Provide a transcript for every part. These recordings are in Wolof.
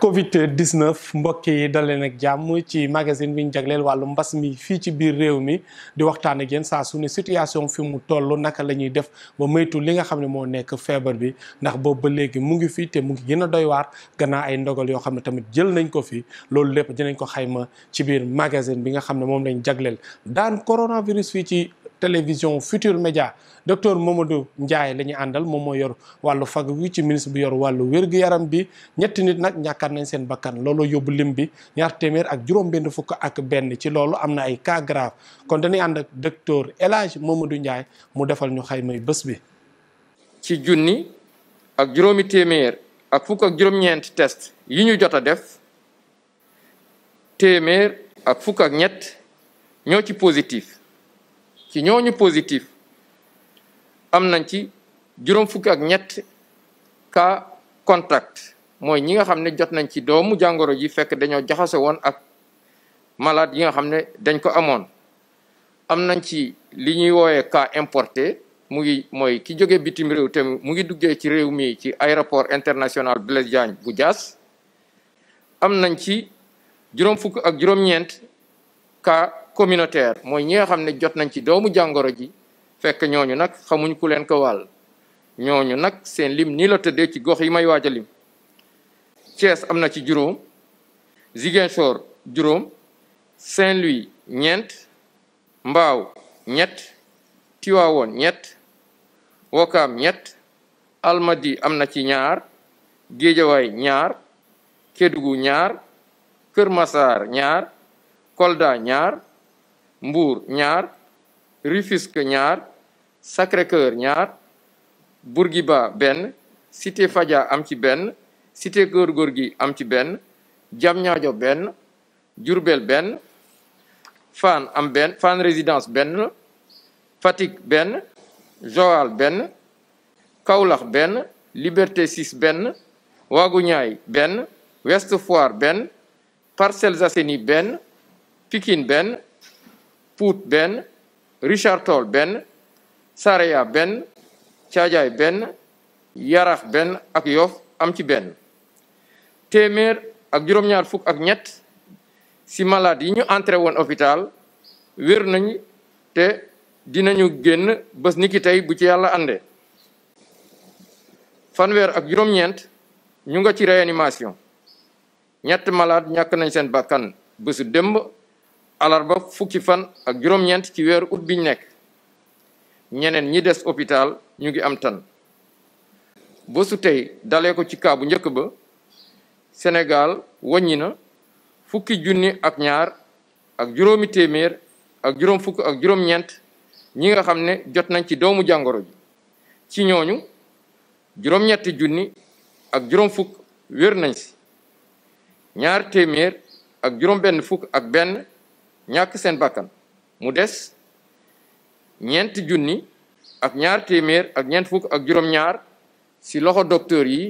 Covid 19 mbokk yi daleen ak jàmm ci magasin bi ñu jagleel wàllu mbas mi fii ci biir réew mi di waxtaan ak yéen saa su ne situation fi mu toll naka la ñuy def ba moytu li nga xam ne moo nekk feebar bi ndax boobu ba léegi mu ngi fii te mu ngi gën a doy waar gannaaw ay ndogal yoo xam ne tamit jël nañ ko fi loolu lépp dinañ ko xayma ci biir magasin bi nga xam ne moom lañ jagleel daan coronavirus fii ci. télévision Futur Média docteur Mamadou Ndiaye la ñu àndal moom moo yor wàllu fag wi ci ministre bi yor wàllu wér yaram bi ñetti nit nag ñàkkaat nañ seen bakkan loolu yóbbu lim bi ñaar téeméer ak juróom-benn fukk ak benn ci loolu am na ay cas grave kon dañuy ànd ak docteur El Hadj Mamadou Ndiaye mu defal ñu xaymay bës bi. ci junni ak juróomi téeméer test yi ñu jot a def téeméer ak fukk ak ñett ñoo ci positif. ci ñooñu positif am nañ ci juróom fukk ak ñett cas contact mooy ñi nga xam ne jot nañ ci doomu jàngoro ji fekk dañoo jaxase woon ak malade yi nga xam ne dañ ko amoon am nañ ci li ñuy wooyee cas importé mu ngi mooy ki jóge bitim réew te mu ngi duggee ci réew mi ci aéroport international Blaise Diagne bu jaas am nañ ci juróom fukk ak juróom-ñeent cas communautaire mooy ñi nga xam ne jot nañ ci doomu jàngoro ji fekk ñooñu nag xamuñ ku leen ko wàll ñooñu nag seen lim nii la tëddee ci gox yi may waaj a lim Thiès am na ci juróom Ziguinchor juróom Saint-Louis ñeent mbaaw ñett Tiwaawoon ñett wokaam ñett Almadi am na ci ñaar Géejawaay ñaar Kédougou ñaar Kër Masaar ñaar Kolda ñaar Mbour ñaar Rufisque ñaar Sacré-Cœur ñaar Bourguiba benn Cité Fadia am ci benn Cité Keur gi am ci benn Diamniadio benn jurbel benn Fann am benn Fann Résidence benn Fatick benn Joal benn Kaolack benn Liberté 6 benn Waaguñaay benn Ouest Foire benn Parcelles Assainies benn Pikine benn Pout benn Richard Toll benn Saraya benn Caajaay benn Yarax benn ak Yoff am ci benn téeméer ak juróom-ñaar fukk ak ñett ci malade yi ñu entré woon hôpital wér nañ te dinañu génn bés niki tey bu ci yàlla ànde fanweer ak juróom-ñeent ñu nga ci réanimation ñett malade ñàkk nañ seen bakkan bésu démb alarba fukki fan ak juróom-ñeent ci weeru ut biñ nekk ñeneen ñi des hôpital ñu ngi am tan bésu tey dalee ko ci kaa njëkk ba senegal wàññi na fukki junni ak ñaar ak juróomi téeméer ak juróom fukk ak juróom-ñeent ñi nga xam ne jot nañ ci doomu jàngoro ji ci ñooñu juróom-ñetti junni ak juróom fukk wér nañ ci ñaar téeméer ak juróom benn fukk ak benn ñàkk seen bakkan mu des ñeenti junni ak ñaar téeméer ak ñeent fukk ak juróom-ñaar ci loxo docteur yi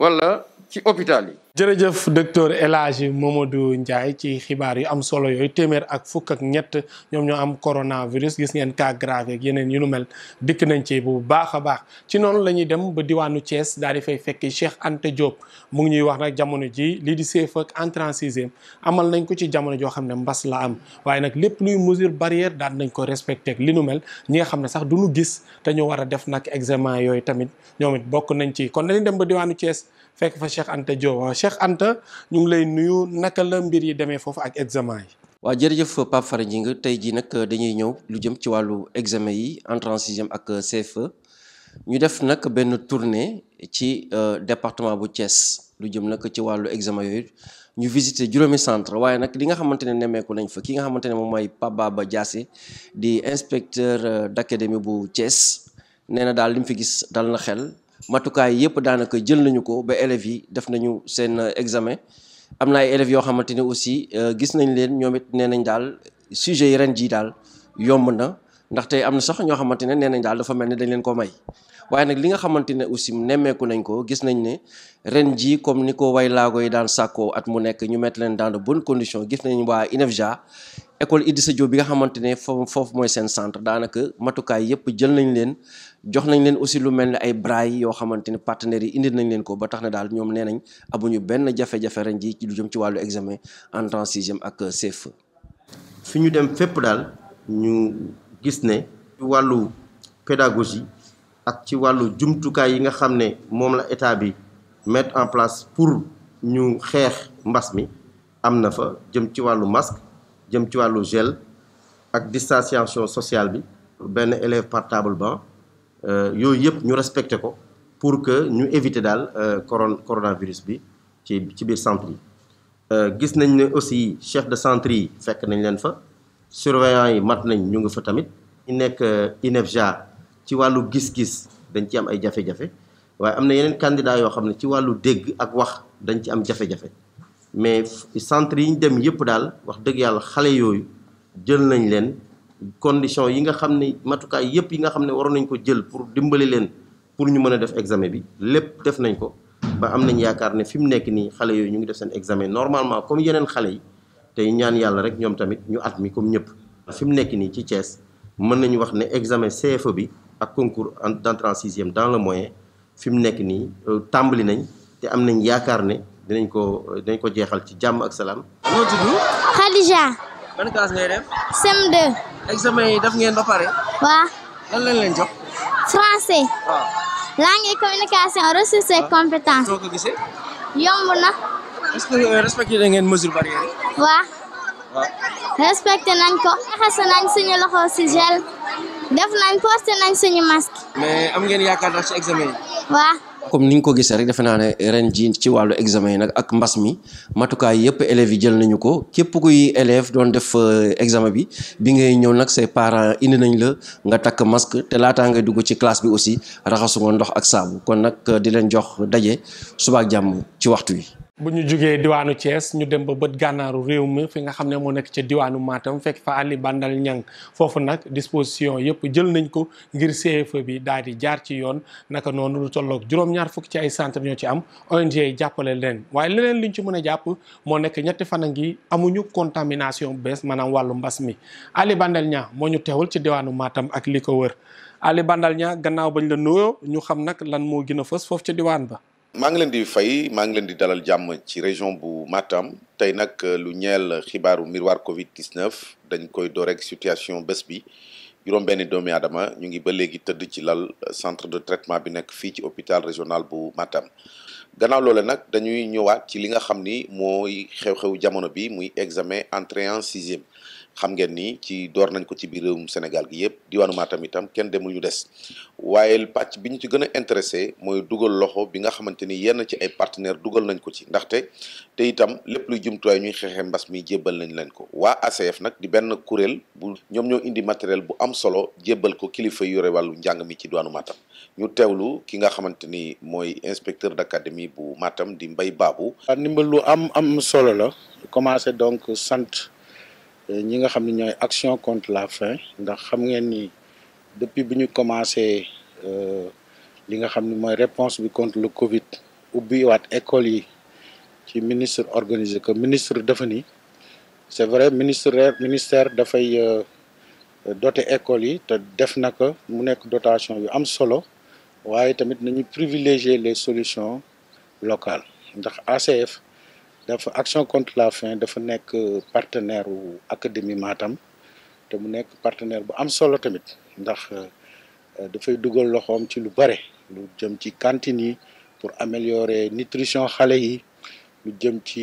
walla ci hôpital yi. jërëjëf docteur El Hadji Mamadou Ndiaye ci xibaar yu am solo yooyu téeméer ak fukk ak ñett ñoom ñoo am coronavirus gis ngeen cas grave ak yeneen yu nu mel dikk nañ ci bu baaxa a baax ci noonu la ñuy dem ba diwaanu Thiès daal di fay fekk Cheikh Anta Diop mu ngi ñuy wax nag jamono ji lii di CFEE ak entrée amal nañ ko ci jamono joo xam ne mbas la am waaye nag lépp luy mesure barrière daan nañ ko respecté ak li nu mel ñi xam ne sax du ñu gis te ñu war def nag examen yooyu tamit ñoom bokk nañ ci kon dañuy dem ba diwaanu Thiès. fekk fa Cheikh Anta Diop waaw Anta ñu ngi lay nuyu naka la mbir yi demee foofu ak examen yi. waaw jërëjëf Pape ji nga tey jii nag dañuy ñëw lu jëm ci wàllu examen yi entrée en sixième ak euh, cf e. ñu def nag benn tournée ci euh, département bu Thiès lu jëm nag ci wàllu examen yooyu ñu visité juróomi centre waaye nag li nga xamante ne nemmeeku nañ fa ki nga xamante ne moom mooy Pape Baba Diassé di inspecteur euh, d'académie bu Thiès nee na daal li fi gis dal na xel. matukaay yëpp daanaka jël nañu ko ba élèves yi def nañu seen euh, examen am naa ay élèves yoo xamante ne aussi euh, gis nañ leen ñoom it nee nañ daal sujet yi ren jii daal yomb na ndaxte am na sax ñoo xamante ne nee nañ daal dafa mel ne dañ leen ko may waaye nag li nga xamante ne aussi nemmeeku nañ ko gis nañ ne ren jii comme ni ko way laago yi daan sàkkoo at mu nekk ñu mett leen dans de bonnes conditions gis nañ waa INEFJA école Idrissa Diop bi nga xamante ne foofu foofu mooy seen centre daanaka matukaay yëpp jël nañ leen jox nañ leen aussi lu mel ni ay braille yoo xamante ne partenaires yi indi nañ leen ko ba tax na daal ñoom neenañ abuñu benn jafe-jafe ren lu jëm ci wàllu examen en temps ak CFEE. fi ñu dem fépp daal ñu gis ne. ci wàllu pédagogie ak ci wàllu jumtukaay yi nga xam ne moom la état bi mettre en place pour ñu xeex mbas mi am na fa jëm ci wàllu masque. jëm ci wàllu gel ak distanciation sociale bi benn élève par table euh, yooyu yëpp ñu respecté ko pour que ñu éviter daal euh, coron coronavirus bi ci ci biir centre yi euh, gis nañ ne aussi chef de centre yi fekk nañ leen fa surveillant yi mat nañ ñu ngi fa tamit ñu nekk INEFJA ci wàllu gis-gis dañ ci am ay jafe-jafe waaye am na yeneen candidat yoo xam ne ci wàllu dégg ak wax dañ ci am jafe-jafe mais centre yi ñu dem yëpp daal wax dëgg yàlla xale yooyu jël nañ leen condition yi nga xam ne matukaay yëpp yi nga xam ne waroon nañ ko jël pour dimbali leen pour ñu mën a def examen bi lépp def nañ ko ba am nañ yaakaar ne fi mu nekk nii xale yooyu ñu ngi def seen examen normalement comme yeneen xale yi tey ñaan yàlla rek ñoom tamit ñu at mi comme ñëpp fi mu nekk nii ci Thiès mën nañu wax ne examen CFE bi ak concours d'entrée en sixième dans le moyen fi mu nekk nii euh, tàmbali nañ te am nañ yaakaar ne dinañ ko dinañ ko jeexal ci jàmm ak salaam. noo tudd. Khadija. ban classe ngay dem. CM2. examen yi def ngeen ba pare. waaw. lan lañ leen jox. français. waaw. communication ressources et ah. soo ko gisee. yomb na. est euh, ngeen mesure barrière yi. nañ ko. raxas nañ suñu loxo si gel. def nañ posté nañ suñu masque. mais am ngeen yaakaar ndax ci examen yi. waaw. comme niñ ko gisee rek defe naa ne ren jii ci wàllu examen yi nag ak mbas mi matukaay yëpp élèves yi jël nañu ko képp kuy élève doon def euh, examen bi bi ngay ñëw nag say parent indi nañ la nga takk masque te laataa ngay dugg ci classe bi aussi raxasu nga ndox ak saabu kon nag euh, di leen jox daje subaak jàmm ci waxtu wi bu ñu jugee diwaanu Thiès ñu dem ba bët gànnaaru réew mi fi nga xam ne moo nekk ca diwaanu Matam fekk fa Ali Bandal Niang foofu nag disposition yëpp jël nañ ko ngir CFE bi daal di jaar ci yoon naka noonu lu tolloog juróom-ñaar fukk ci ay centre ñoo ci am ONG jàppale leen waaye leneen liñ ci mën a jàpp moo nekk ñetti fan a ngi amuñu contamination bees maanaam wàllu mbas mi Ali moo ñu teewal ci diwaanu maatam ak li ko wër Ali Bandal Niang gannaaw bañ la nuyoo ñu xam nag lan moo gën a fës foofu ca diwaan ba maa ngi leen di fay maa ngi leen di dalal jàmm ci région bu Matam tey nag euh, lu ñeel xibaaru miroir Covid 19 dañ koy doreek rek situation bés bi juróom-benni doomi aadama ñu ngi ba léegi tëdd ci lal centre de traitement bi nekk fii ci hôpital régional bu Matam gannaaw loole nag dañuy ñëwaat ci li nga xam ni mooy xew-xewu jamono bi muy examen entrée en sixième. xam ngeen ni ci door nañ ko ci biir réewum Sénégal gi yëpp diwaanu Matam itam kenn demu ñu des waaye pàcc bi ñu ci gën a intéressé mooy dugal loxo bi nga xamante ni yenn ci ay partenaires dugal nañ ko ci ndaxte te itam lépp luy jumtuwaay ñuy xeexee mbas mi jébbal nañ leen ko waa ACF nag di benn kuréel bu ñoom ñoo indi matériel bu am solo jébbal ko kilifa yore wàllu njàng mi ci diwaanu Matam ñu teewlu ki nga xamante ni mooy inspecteur d'académie bu Matam di Mbaye Babou. ndimbalu am am solo la commencé donc sant. Euh, ñi nga xam ne ñooy action contre la faim ndax xam ngeen ni depuis bu ñu commencé euh, li nga xam ne mooy réponse bi contre le Covid ubbi waat école yi ci ministre organisé que ministre dafa ni c'est vrai ministère ministère dafay euh, doté école yi te def na ko mu nekk dotation yu am solo waaye tamit nañu privilégier les solutions locales ndax ACF dafa action contre la fin dafa nekk euh, partenaire wu académie Matam te mu nekk partenaire bu am solo tamit ndax euh, euh, dafay dugal loxoom ci lu bare lu jëm ci cantine yi pour améliorer nutrition xale yi lu jëm ci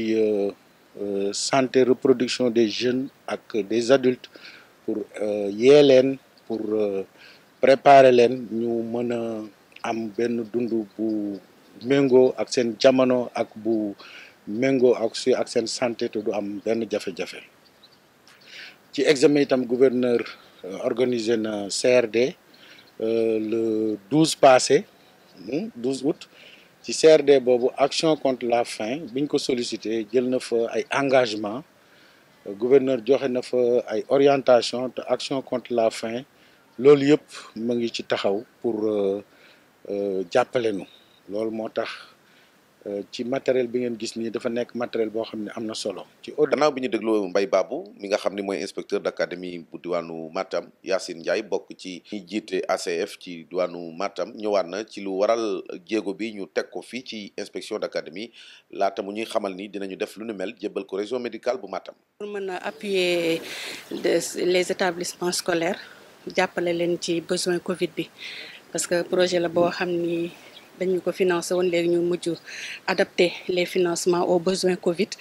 santé reproduction des jeunes ak des adultes pour yee leen pour préparer leen ñu mën a am benn dund bu méngoo ak seen jamono ak bu méngoo ak ak seen santé te du am benn jafe-jafe ci examen itam gouverneur euh, organisé na CRD euh, le 12 passé 12 hmm, août ci CRD boobu action contre la fin biñ ko sollicité jël na fa ay engagement euh, gouverneur joxe na fa ay orientation te action contre la fin loolu yëpp mu ngi ci taxaw pour jàppale nu loolu moo tax Euh, ci matériel bi ngeen gis ni dafa nekk matériel boo xam ne am na solo. ci gannaaw bi ñu dégloo mbay Babou mi nga xam ne mooy inspecteur d' académie bu diwaanu Matam Yacine Ndiaye bokk ci ñi jiite ACF ci diwaanu Matam ñëwaat na ci lu waral jéego bi ñu teg ko fii ci inspection d' académie laata mu ñuy xamal ni dinañu def lu nu mel jébbal ko région médicale bu Matam. pour mën a appuyer les établissements scolaires jàppale leen ci besoin Covid bi parce que projet la boo xam ni. dañu ko financé woon léegi ñu mujj adapté les financement au besoins Covid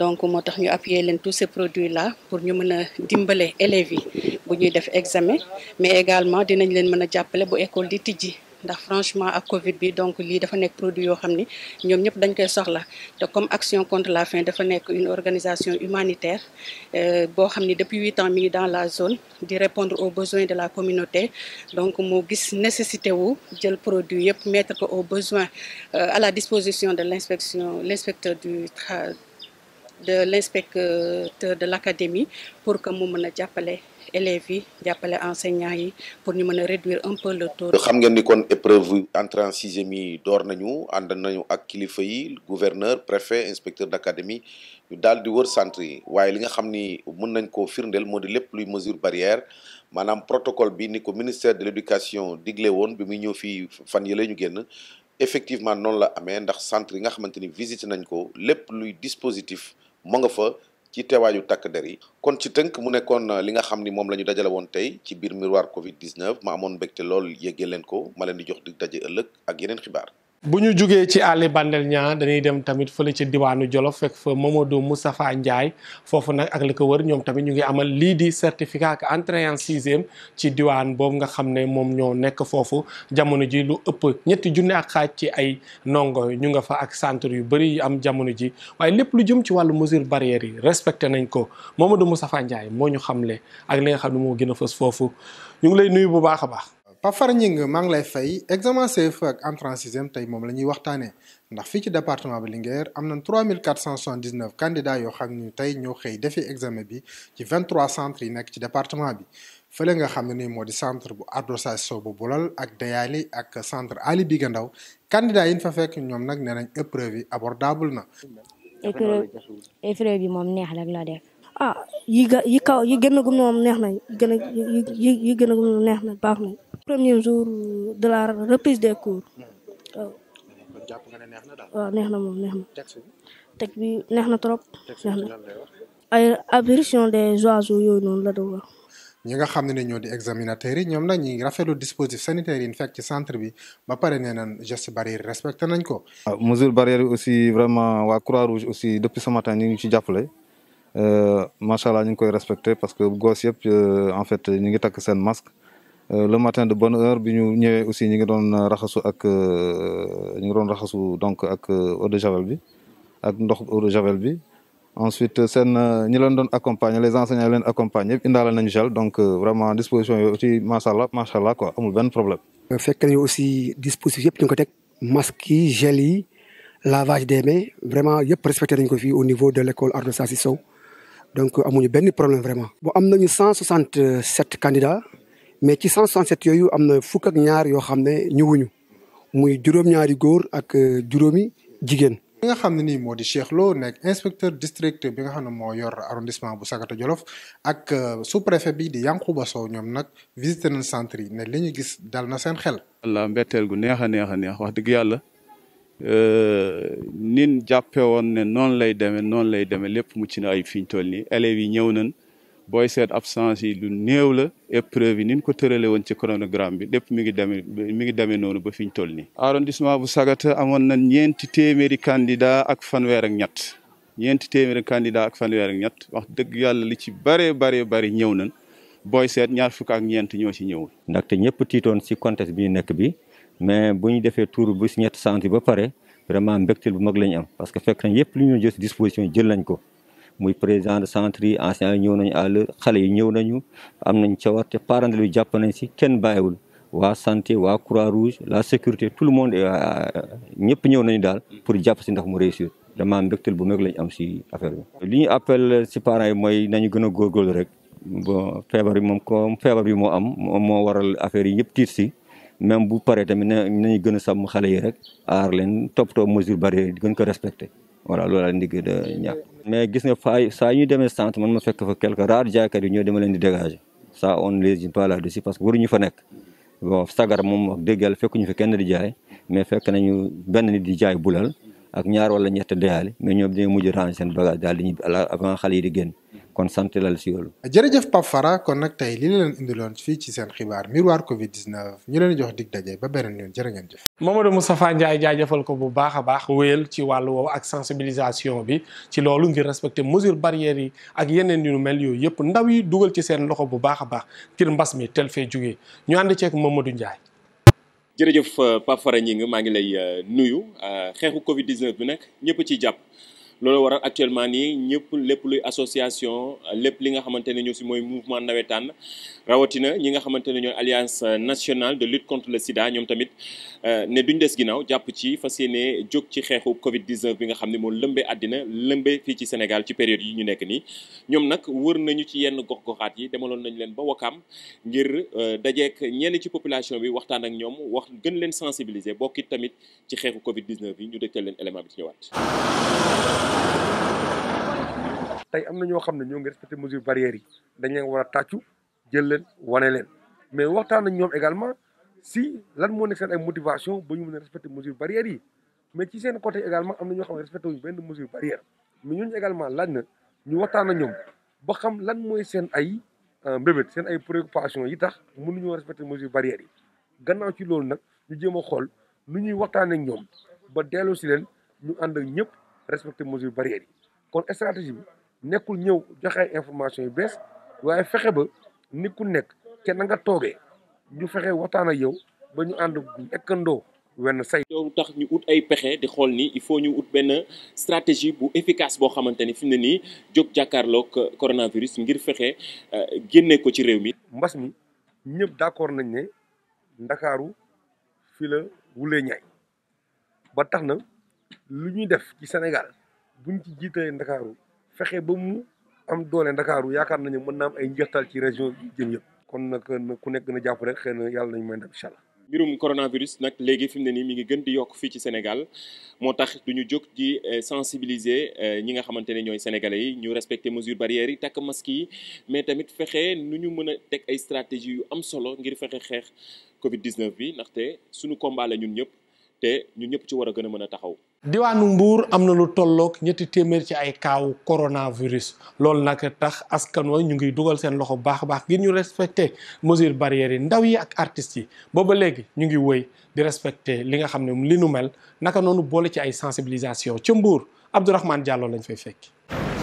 donc moo tax ñu appuyer leen tous ces produits là pour ñu mën a dimbale élèves yi bu ñuy def examen mais également dinañ leen mën a jàppale bu école di tijji. ndax franchement ak Covid bi donc lii dafa nekk produit yoo xam ni ñoom ñëpp dañ koy soxla te comme action contre la fin dafa nekk une organisation humanitaire euh, boo xam ni depuis huit ans mi ngi dans la zone di répondre aux besoins de la communauté donc moo gis nécessité wu jël produit yëpp mettre ko aux besoins euh, à la disposition de l'inspection l'inspecteur du tra de l'inspecteur de l'académie pour que mu mën a jàppale élèves yi jàppale enseignants yi pour ñu mën a réduire un peu le tour xam ngeen ni kon épreuve entrée en sixième yi door nañu ànd nañu ak kilifa yi gouverneur préfet inspecteur d'académie ñu daal di war centre yi waaye li nga xam ni mën nañ ko firndeel moo di lépp luy mesure barrière maanaam protocole bi ni ko ministère de l'éducation digle woon bi muy ñëw fii fan yële ñu génn. effectivement noonu la amee ndax centre yi nga xamante ni visité nañ ko lépp luy dispositif mu nga fa ci teewaayu takk der yi kon ci tënk mu nekkoon euh, li nga xam ni moom la ñu dajale woon tey ci biir miroir Covid 19 ma amoon mbégte lool yéggee leen ko ma leen di jox di daje ëllëg ak yeneen xibaar. bu ñu jugee ci àlli Bandel ñaa dañuy dem tamit fële ci diwaanu Jolof fekk fa Mamadou Moustapha Ndiaye foofu nag ak li ko wër ñoom tamit ñu ngi amal lii di certificat ak entrée en ci diwaan boobu nga xam ne moom ñoo nekk foofu jamono ji lu ëpp ñetti junne ak xaaj ci ay ndongo ñu nga fa ak centre yu bëri yu am jamono ji waaye lépp lu jëm ci wàllu mesure barrière yi respecté nañ ko Mamadou Moustapha Ndiaye moo ñu le ak li nga xam ne moo gën a fës foofu ñu ngi lay nuyu bu baax a baax. Pafar Gningue maa ngi lay fay examen CFEE ak entrée en sixième tey moom la ñuy waxtaanee ndax fii ci département bi Linguère am nañ 3479 candidats yoo xam ni tey ñoo xëy defi examen bi ci 23 centres yi nekk ci département bi fële nga xam ne ni moo di centre bu Ardosaye Sow bu Boulal ak Dayaly ak centre Ali Biga ndaw candidats yi ñu fa fekk ñoom nag ne nañ épreuve yi abordable na. épreuve bi moom neex rek la def. ah yi ga yi kaw yi gën gum moom neex nañ gën a yi gën a gum moom neex nañ baax nañ premier jour de la reprise des cours waaw neex na moom neex na teg bi neex na trop neex na ay apparition des yooyu noonu la doon wax ñi nga xam ne ñoo di examinateurs yi ñoom nag ñi rafetlu dispositif sanitaire yi ñu fekk ci centre bi ba pare nee nañ geste barrière respecté nañ ko. Ah, mesure barrière yi aussi vraiment waa Croix-Rouge aussi depuis ce matin ñu ngi ci jàppale. Euh, macha allah ñu ngi koy respecté parce que gos yëpp euh, en fait ñu ngi takk seen masque euh, le matin de bonne heure bi ñu ñëwee aussi ñu ngi doon raxasu ak ñu ngi doon raxasu donc ak eau de javel bi ak ndox eau de javel bi. ensuite seen ñi leen doon accompagner les enseignants yi leen accompagner yëpp indaale nañu gel donc vraiment disposition yooyu aussi macha allah macha allah quoi amul benn problème. fekk nañu aussi dispositif yëpp ñu ko teg masques yi gel yi lavage des mains vraiment yëpp ko fii au niveau de l' Sow donc amuñu benn problème vraiment. bon am nañu cent soixante sept candidats mais ci cent soixante sept yooyu am na fukk ak ñaar yoo xam ne ñëwuñu muy juróom-ñaari góor ak euh, juróomi jigéen. nga xam ne nii moo di Cheikh nekk inspecteur district bi nga xam ne moo yor arrondissement bu Sakata Jolof ak euh, sous-préfet bi di Yankouba Sow ñoom nag visité nañ centre yi ne li ñu gis dal na seen xel. wallaahi mbetteel gu neex a neex a neex wax dëgg yàlla. Euh, nin jàppe woon ne noonu lay demee noonu lay demee lépp mucc na ay fiñ ñu toll nii élèves yi ñëw nañ booy seet absence yi lu néew la épreuve yi nin ko tërale woon ci chronogramme bi lépp mi ngi demee mi ngi demee noonu ba fi ñu toll nii. arrondissement bu Sagata amoon na ñeenti téeméeri candidat ak fanweer ak ñett ñeenti téeméeri candidat ak fanweer ak ñett wax dëgg yàlla li ci bare bare bari ñëw nañ booy seet ñaar fukk ak ñeent ñoo ci ñëwul. ndaxte ñëpp tiitoon si contexte bi nekk bi. mais bu ñu defee tour bu ñett ñetti centre ba pare vraiment mbégteel bu mag lañu am parce que fekk nañ yëpp lu ñu jël si jël nañ ko muy président de yi anciens ñëw nañu à l'heure xale yi ñëw nañu am nañ cawarte parents yi jàpp nañ si kenn bàyyiwul waa santé waa croix rouge la sécurité tout le monde euh, ñëpp ñëw nañu daal pour jàpp si ndax mu réussir vraiment mbégteel bu mag lañ am si affaire li ñu appel si parents mooy nañu gën a góorgóorlu rek bon feebar bi moom comme feebar bi moo am moo waral affaire yi ñëpp tiit si. même bu paree tamit nañu gën a sàmm xale yi rek aar leen toppatoo mesure barrière di gën ko respecté voilà loolu daal ndig da ñàkk. mais gis nga faay saa ñu demee centre man ma fekk fa quelque rare jaaykat yi ñoo dama leen di dégager ça on ne les pas là-dessus parce que waruñu fa nekk bon sagar moom wax dëgg yàlla fekkuñu fa kenn di jaay mais fekk nañu benn nit di jaay bulal ak ñaar wala ñett deyaale mais ñoom dañoo mujj ranger seen bagage daal di ñibbi avant xale yi di génn. kon sant lal si yoolu jërëjëf Pape Fara kon nag tey li la leen indiloon fii ci seen xibaar miroir Covid 19 ñu leen jox dig daje ba beneen yoon jërë a jëf. Mamadou Moustapha Ndiaye jaajëfal ko bu baax a baax wéyal ci wàllu woowu ak sensibilisation bi ci loolu ngir respecter mesure barrières yi ak yeneen yu nu mel yëpp ndaw yi dugal ci seen loxo bu baax baax ngir mbas mi tel fee jugee ñu ànd ceeg Mamadou Ndiaye. jërëjëf Pape Fara Gningue maa ngi lay euh, nuyu euh, xeexu Covid 19 bi nag ñëpp ci jàpp. loolu waral actuellement nii ñëpp lépp luy association lépp li nga xamante ne ñoo si mooy mouvement nawetaan rawatina ñi nga xamante ne ñooy alliance nationale de lutte contre le sida ñoom tamit euh, ne duñ des ginnaaw jàpp ci fa yéene jóg ci xeexu Covid bi nga xam ne moom lëmbee àddina lëmbee fii ci Sénégal ci période yi ñu nekk nii. ñoom nag wër nañu ci yenn gox-goxaat yi demaloon nañu leen ba Wakaam ngir euh, dajeek ñenn ci population bi waxtaan ak ñoom wax gën leen sensibiliser bokkit tamit ci xeexu Covid 19 ñu dëgtal leen élément bi ci ñëwaat. tey am na ñoo xam ne ñoo ngi respecté mesures barrières yi dañ war a tàccu jël leen wane leen mais waxtaan ñoom également si lan moo nekk seen ay motivation ba ñu mën a respecté mesures barrières yi mais ci seen côté également am na ñoo xam ne respecté wuñu benn mesure barrière mais ñooñu également laaj na ñu waxtaan ak ñoom ba xam lan mooy seen ay euh, mbébét seen ay préoccupation yi tax mënuñoo respecté mesure barrière yi gannaaw ci loolu nag ñu jéem a xool nu ñuy waxtaan ak ñoom ba dellu si leen ñu ànd ak ñëpp respecter mesures barrières yi kon stratégie bi nekkul ñëw joxe information yu bees waaye fexe ba nit ku nekk te na nga toogee ñu fexe waxtaan a yow ba ñu ànd ekkandoo wenn say loolu tax ñu ut ay pexe di xool ni il faut ñu ut benn stratégie bu efficace boo xamante ni fi mu ne nii jóg jàkkaarloog coronavirus ngir fexe euh, génne ko ci réew mi mbas mi ñëpp d'accord nañ ne ndakaaru fi la wulee ñaay ba tax na lu ñuy def ci Sénégal buñ ci jiitalee Ndakaaru fexe ba mu am doole Ndakaaru yaakaar nañu mën naa am ay njeextal ci région yi jëm yëpp kon nag ku nekk na jàpp rek xëy yàlla nañu may ndam incha allah mbirum coronavirus nag léegi fi mu ne nii mi ngi gën di yokk fii ci Sénégal moo tax du ñu jóg di eh, sensibiliser eh, ñi nga xamante ne ñooy sénégalais yi ñu respecter mesures barrières yi takk masque yi mais tamit fexe nu ñu mën a teg ay stratégie yu am solo ngir fexe xeex Covid 19 bi ndaxte suñu combat ñun ñëpp te ñun ñëpp ci war a gën a mën a taxaw. diwaanu mbuur am na lu tolloog ñetti téeméer ci ay kaawu coronavirus loolu nag tax askan wa ñu ngi dugal seen loxo baax a baax ngir ñu respecté mesure barrières yi ndaw yi ak artistes yi booba léegi ñu ngi wëy di respecté li nga xam ne li nu mel naka noonu boole ci ay sensibilisation ca Mbour Abdourahmane Diallo lañ fay fekk.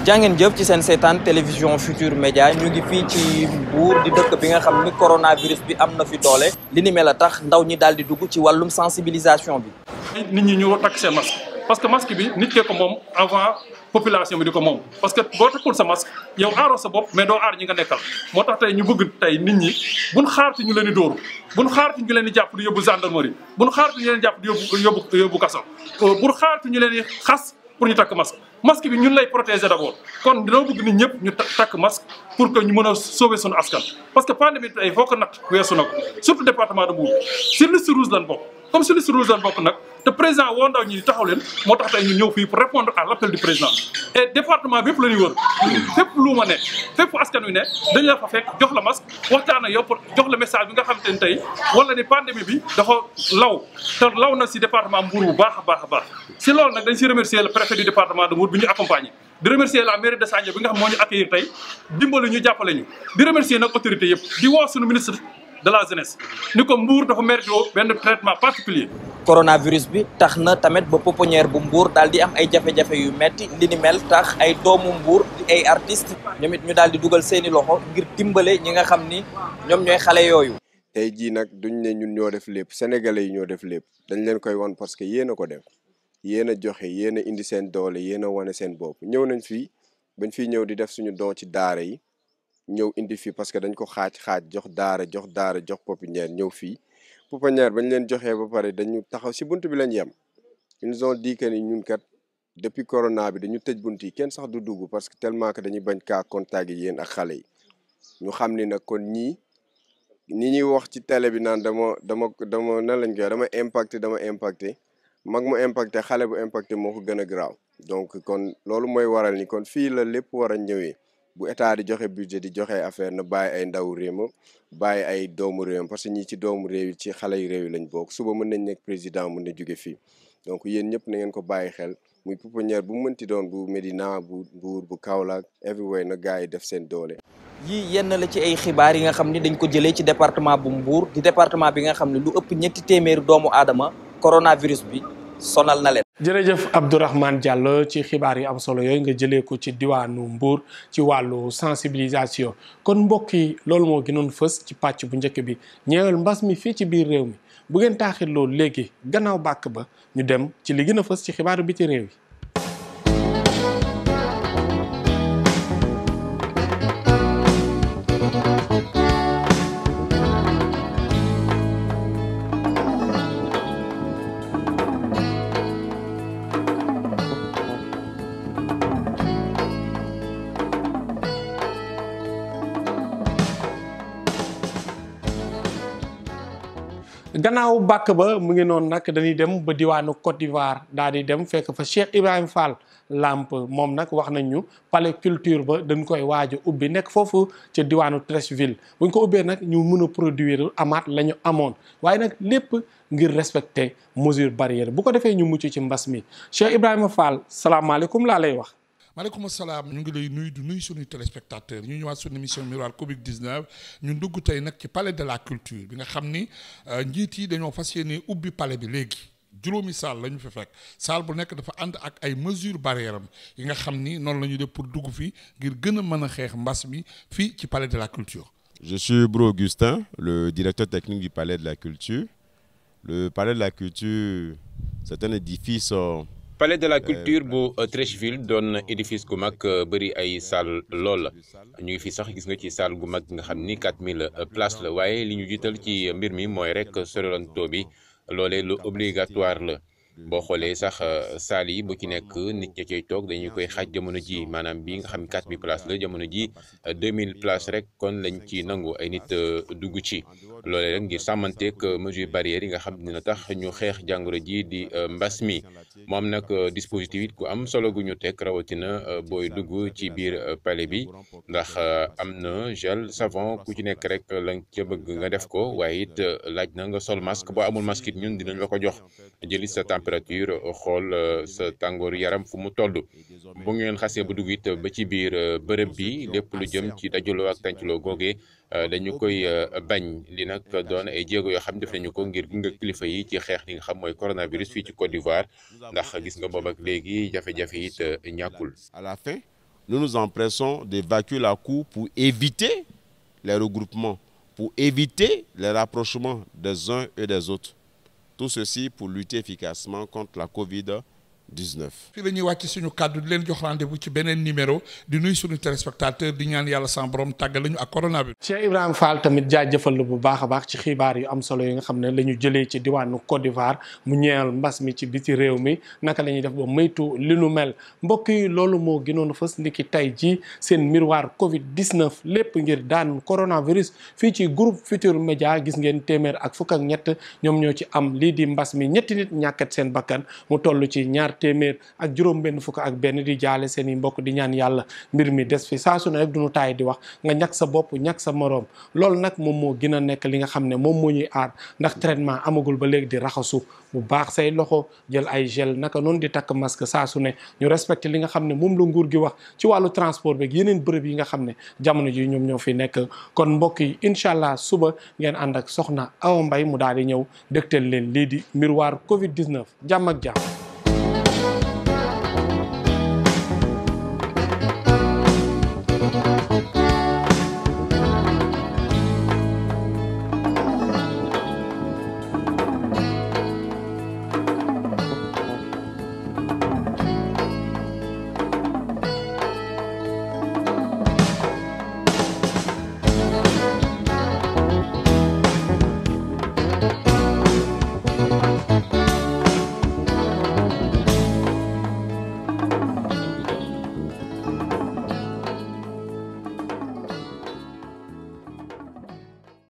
jàngeen jëf ci seen seetaan télévision Futur Média ñu ngi fii ci Mbour di dëkk bi nga xam ni coronavirus bi am na fi doole li ni mel a tax ndaw ñi daal di dugg ci wàllum sensibilisation bi. nit ñi ñu takk seen masque parce que masque bi nit kee ko moom avant population bi di ko moom parce que boo takkul sa masque yow aaroo sa bopp mais doo aar ñi nga nekkal moo tax tey ñu bëgg tey nit ñi buñ xaarti ñu leen door dóoru buñ xaarti ñu leen di jàpp di yóbbu gendarmerie buñ xaarti ñu leen di jàpp di yóbbu yóbbu yóbbu kaso euh, buñ ñu leen di xas masque bi ñun lay protéger d'abord kon dina bëgg nit ñëpp ñu takk masque pour que ñu mën a sauver suñu askan. parce que pandémie bi tey foo ko natt weesu na ko surtout département de Mbour si liste rouge lan bokk comme si liste rouge lan bokk nag. te président woo ndaw ñi di taxaw leen moo tax tey ñu ñëw fii pour répondre à l' appel du président et département bépp la ñuy wër fépp luuma ne fépp askan wi ne dañ la fa fekk jox la masque waxtaan ak yow pour jox la message bi nga xam te ne tey wala ni pandémie bi dafa law te law na si département Mbour baax a baax a baax si loolu nag dañ si remercier le préfet du département de Mbour bi ñu accompagner di remercier la mairie de Sandié bi nga xam moo ñu accueillir tey dimbali ñu jàppale de la jeunesse ni ko mbuur dafa mérité benn traitement particulier coronavirus bi tax na tamit ba pouponnière bu Mbour daal di am ay jafe-jafe yu metti li ni mel tax ay doomu Mbour ay artistes ñoom ñu daal di dugal seeni loxo ngir dimbale ñi nga xam ni ñoom ñooy xale yooyu. tey jii nag duñ ne ñun ñoo def lépp sénégalais yi ñoo def lépp dañ leen koy wan parce que yéen a ko def yéen a joxe yéen indi seen doole yéen a wane seen bopp ñëw nañ fii bañ fiy ñëw di def suñu don ci daara yi. ñëw indi fii parce que dañ ko xaaj xaaj jox daara jox daara jox pépinière ñëw fii pépinière bañ leen joxee ba pare dañu taxaw si bunt bi lañ yem ils nous ont dit que ni ñun kat depuis corona bi dañu tëj bunt yi kenn sax du dugg parce que tellement que dañuy bañ kaa contact yi yéen ak xale yi ñu xam ni nag kon ñii ni ñuy wax ci tele bi naan dama dama dama nan lañ koy dama impacté dama impacté mag mu impacté xale bu impacté moo ko gën a donc kon loolu mooy waral ni kon fii la lépp war a ñëwee bu état di joxe budget di joxe affaire na bàyyi ay ndaw réew ma bàyyi ay doomu réew parce que ñi ci doomu réew ci xale yu réew yi lañ bokk suba mën nañ nekk président mën na jóge fii donc yéen ñëpp na ngeen ko bàyyi xel muy pouponnière bu mënti doon bu Médina bu Mbour bu Kaolack everywhere na gars yi def seen doole. yii yenn la ci ay xibaar yi nga xam ni dañ ko jëlee ci département bu mbur di département bi nga xam ne lu ëpp ñetti téeméeri doomu aadama coronavirus bi. sonal na leen. jërëjëf Abdourahmane Diallo ci xibaar yi am solo yooyu nga jëlee ko ci diwaanu Mbour ci wàllu sensibilisation kon mbokk yi loolu moo gënoon fës ci pàcc bu njëkk bi ñeewal mbas mi fii ci biir réew mi bu ngeen taaxit loolu léegi gannaaw bàkk ba ñu dem ci li gën a fës ci xibaar bi ci réew yi. gannaaw bàkk ba mu ngi noonu nag dañuy dem ba diwaanu Côte d'Ivoire daal di dem fekk fa Cheikh Ibrahima Fall làmp moom nag wax nañ ñu palais culture ba dañ koy waaj ubbi nekk foofu ca diwaanu Treichville bu ñu ko ubbee nag ñu mën produire amaat la ñu amoon waaye nag lépp ngir respecter mesure barrière bu ko defee ñu mucc ci mbas mi Cheikh Ibrahima Fall salaamaaleykum laa lay wax. maaleykum salaam ñu ngi lay nuyu du nuyu suñuy téléspectateur ñu ñëwaat suñu mission miroir Covid 19 ñu dugg tey nag ci palais de la culture bi nga xam ni euh, njiit yi dañoo fas yéene ubbi palais bi léegi. juróomi saal la ñu fa fekk saal bu nekk dafa ànd ak ay mesures barrières am yi nga xam ni noonu la ñu def pour dugg fii ngir gën a mën a xeex mbas mi fii ci palais de la culture. Je suis Bro Augustin, le directeur technique du palais de la culture. Le palais de la culture, c'est palais de la euh, culture bu euh, euh, Treichville doon édifice gu mag bëri ay salle lool ñu ngi fi sax gis nga ci salle gu mag nga xam ni 4000 places la waaye li ñu jiital ci mbir mi mooy rek sorilanto bi loolee lu obligatoire la. boo xoolee sax euh, saal yi bu ci nekk nit ña cay toog dañu koy xaaj jamono ji maanaam bi nga xam ne quatre mille places la jamono ji euh, deux mille place rek kon lañ ci nangu ay nit euh, dugg ci loolee rek ngir sàmmanteeg mesure barrière yi nga xam dina tax ñu xeex jàngoro ji di mbas mi am nag dispositif it ku am solo gu ñu teg rawatina booy dugg ci biir palais bi ndax am na gel savon ku ci nekk rek lañ ca bëgg nga def ko waaye it laaj na nga sol masque boo amul masque it ñun dinañ la ko jox jëli sa température euh, xool euh, sa tàngoor yaram fu mu toll bu ngeen xasee bu dugg it ba ci biir euh, bërëb bi lépp lu jëm ci dajaloo ak tàncaloo googee dañu koy bañ li nag doon ay jéego yoo xam def nañu ko ngir gunge kilifa yi ci xeex li nga xam mooy coronavirus fii ci Côte d'Ivoire ndax gis nga boobu ak léegi jafe-jafe it ñàkkul. À la fin, nous nous empressons d'évacuer la cour pour éviter les regroupements, pour éviter les rapprochements des uns et des autres. Tout ceci pour lutter efficacement contre la COVID-19. 19. fii la ñuy wàcc suñu kàddu di leen jox rendez-vous ci beneen numéro di nuy suñu téléspectateur di ñaan yàlla sans borom tàggale ñu ak corona bi. Cheikh Ibrahima Fall tamit jaajëfal la bu baax a baax ci xibaar yu am solo yi nga xam ne la ñu jëlee ci diwaanu Côte d'Ivoire mu ñeel mbas mi ci bi ci réew mi naka la ñuy def ba maytu li nu mel mbokk yi loolu moo gënoon fës niki tey jii seen miroir Covid 19 lépp ngir daan coronavirus fii ci groupe Futurs Médias gis ngeen téeméer ak fukk ak ñett ñoom ñoo ci am lii di mbas mi ñetti nit ñàkkat seen bakkan téeméer ak juróom-benn fukk ak benn di jaale seeni i mbokk di ñaan yàlla mbir mi des fi saa su ne rek du ñu taay di wax nga ñàkk sa bopp ñàkk sa moroom loolu nag moom moo gën a nekk li nga xam ne moom moo ñuy aar ndax traitement amagul ba léegi di raxasu bu baax say loxo jël ay gel naka noonu di takk masque saa su ne ñu respecté li nga xam ne moom la nguur gi wax ci wàllu transport beeg yeneen bërëb yi nga xam ne jamono ji ñoom ñoo fi nekk kon mbokk yi incha allah suba ngeen ànd ak soxna Awa mbay mu daal di ñëw dégtal leen lii di miroir Covid 19 jàmm ak jàmm.